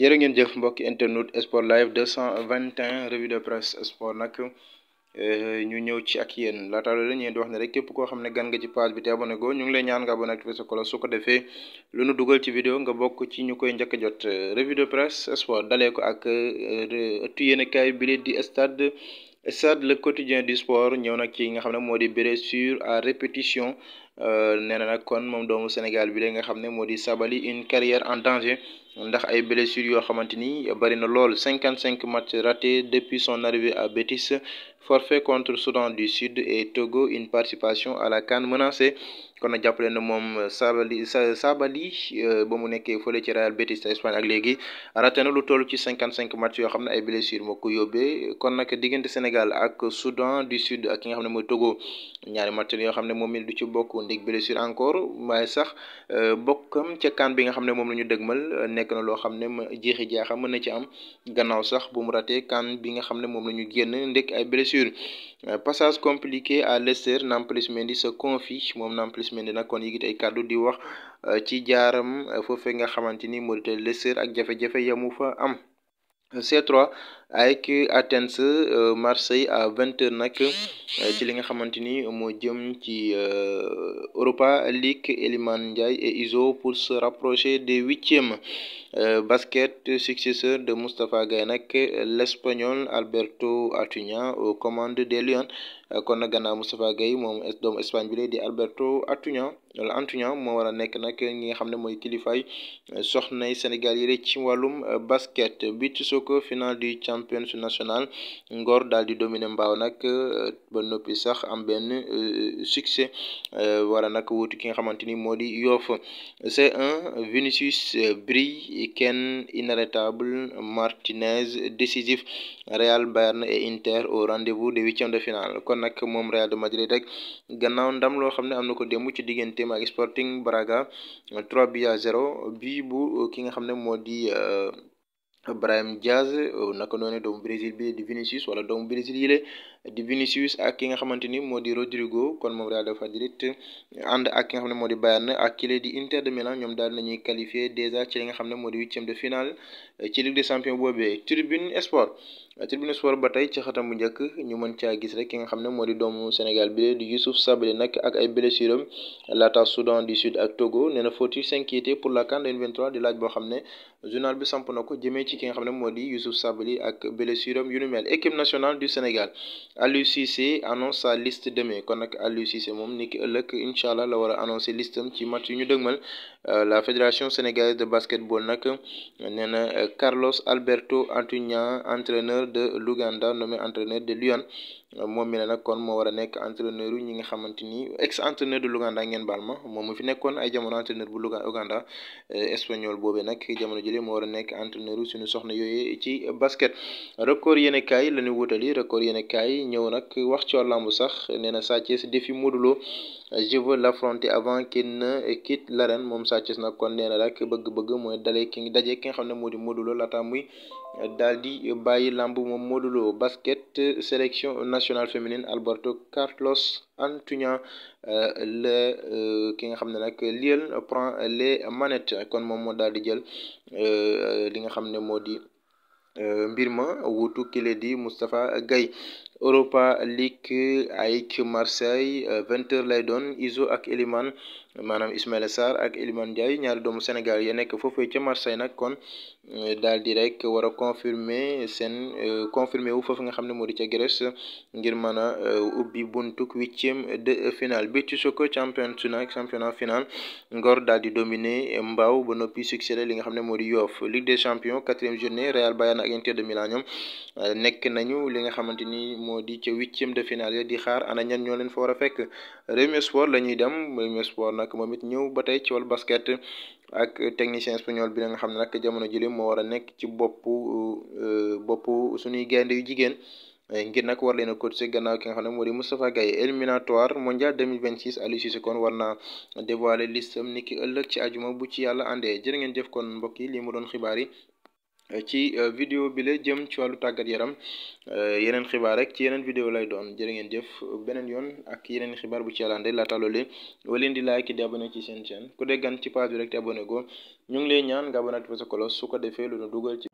jërë ngeen jëf mbokki internet sport live 221 revue de presse sport nag eh, ñu ñëw ci ak yéen laata loolu la ñuy wax ne rek képp koo xam ne gan nga ci page bi te abonné go ñu ngi lay ñaan nga abonné activé sa cloche su ko defee lu nu dugal ci vidéo nga bokk ci ñu koy njëkk jot revue de presse sport dalee ko ak eh, ëttu yéenekaay bi di stade. stade le quotidien du sport ñëw nag ci nga xam ne moo di blessure à répétition euh, nee na nag kon moom doomu Sénégal bi la nga xam ne moo di sabali une carrière en danger ndax ay blessures yoo xamante ni bari na lool cinquante cinq matchs ratés depuis son arrivée à Betis forfait contre Soudan du Sud et Togo une participation à la CAN menacée kon nag jàpp leen ne moom Sabali euh, ba mu nekkee fële ci Real Betis Espagne ak léegi raté na lu toll ci cinquante cinq match yoo xam ne ay blessure moo ko yóbbee kon nag diggante Sénégal ak Soudan du Sud ak ki nga xam ne mooy Togo yoo xam ne moom it du ci bokk ndig blessure encore waaye sax euh, bokkam ca bi nga xam ne moom la ñu dëgmal nekk na loo xam ne jeexi jaaxa mën na ci am gannaaw sax bu mu raté kan bi nga xam ne moom la ñu génn ndek ay blessure euh, passage compliqué à Leicester Nampalys Mendy se confie moom Nampalys Ismaïla nag kon yëkkati ay kàddu di wax euh, ci jaaram euh, foofee nga xamante ni moo di ak jafe-jafe yamu fa am c AEK Athens euh, Marseille à vingt heures nag euh, ci li nga xamante ni moo jëm ci euh, Europa League Elimane Ndiaye et Izo pour se rapprocher des huitièmes basket successeur de Moustapha Gaye nag l'Espagnol Alberto Atuña aux commande des Lions kon nag gannaaw Moustapha moom doomu Espagne bi di Alberto Atuña wala Antuña moo war a nekk nag ñi nga xam ne mooy kilifaay soxnay Sénégal yi ci wàllum basket bi ci final du champion su national Ngor daal di dominer Mbao nag euh, ba noppi sax am benn euh, succès euh, wala nag wuutu ki nga xamante ni moo di Yoff C1 Vinicius Bry Ken inarrêtable Martinez décisif Real Bayern et Inter au rendez de des de finale kon nag moom Real de Madrid rek gannaaw ndam loo xam ne am na ko démb ci digganteem ak Sporting Braga 3 buts à 0 bii bu ki nga xam ne moo di Brahim Diaz euh, naka noonu doomu Brésil bi di Vinicius wala doomu Brésil yi di Vinicius ak ki nga xamante ni moo di Rodrigo kon moom Real dafa direct ànd ak ki nga xam ne moo di Bayern ak kile di Inter de Milan ñoom daal nañuy qualifié déjà ci nga xam ne moo di huitième de finale ci Ligue des Champions boobee Tribune Sport Tribune Sport ba tey ci xatam bu njëkk ñu mën caa gis rek ki nga xam ne moo di doomu Sénégal bi di Youssouf Sabaly nag ak ay blessuram laata Soudan du Sud ak Togo nee na faut-il s'inquiéter pour la CAN 2023 di laaj boo xam ne journal bi na ko jëmee ci ki nga xam ne moo di Youssouf Sabaly ak blessuram yu nu mel équipe nationale Sénégal Aliou Cissé annonce sa liste kon nag Aliou moom ni ki ëllëg incha allah la war a annoncé listam ci match yu ñu dëgmal Euh, la fédération sénégalaise de basketball nag nee na euh, Carlos Alberto Antuña entraîneur de l'Ouganda nommé entraîneur de Lyon euh, moom mi ne nag kon moo war a nekk entraîneur ñi nga xamante ni ex entraîneur de l'Ouganda ngeen baal ma moom mu fi nekkoon ay jamono entraîneur bu Ouganda espagnol boobee nag jamono jëlee moo war a nekk entraîneur suñu soxna yooyu ci basket record yeneen kaay la ñu wutali record yeneen kaay ñëw nag wax ci lamb sax nee na Sa Thiès défi Modou Lo je Sa Thiès nag kon nee na bëgg-bëgg mooy dale ki ngi daje ki nga xam ne moo di Modou Lo laata muy daal di bàyyi lamb moom Modou Lo basket sélection nationale féminine Alberto Carlos Antuña euh, le euh, ki nga xam ne nag Lille prend les manettes kon moom moo daal di jël euh, li nga xam ne moo di mbir ma wuutu kile di Moustapha Europa League AEK Marseille 20h euh, lay doon Izo ak Elimane maanaam Ismaïla Sarr ak Elimane Ndiaye ñaari doomu Sénégal ya nekk foofee ca Marseille nag kon euh, daal di rek war a confirmer seen euh, confirmer wu foofu nga xam ne moo di ca Grèce ngir mën a ubbi buntuk huitième de finale bi ci soko championnat championnat final Ngor daal di dominer mbaaw ba noppi succédé li nga xam ne moo di Yoff Ligue des champions quatrième journée Real Bayern ak Inter de Milan ñoom nekk nañu li moo di ca huitième de finale di xaar ana ñan ñoo leen fa war a fekk Rewmi Sport la ñuy dem Rewmi Sport nag moom it ñëw ba tey ci wàllu basket ak technicien espagnol bi nga xam ne nag jamono jëli moo war a nekk ci boppu euh, boppu suñuy gaynde yu jigéen. ngir nag war leen a si gannaaw ki nga xam ne moo di Moustapha Gaye éliminatoire mondial 2026 Aliou Cissé kon war naa dévoiler listam niki ëllëg ci ajuma bu ci yàlla àndee jërë ngeen jëf kon mbokk yi lii mu doon xibaar yi ci euh, vidéo bi lay jëm ci wàllu tàggat yaram euh, yeneen xibaar rek ci yeneen vidéo lay doon jërë ngeen jëf beneen yoon ak yeneen xibaar bu ci yàllaande laata loole wa leen di like di abonné ci seen chaîne ku déggan ci page bi rek te abonné ko ñu ngi lay ñaan nga abonné ak sa kolos su ko defee lu nu dugal ci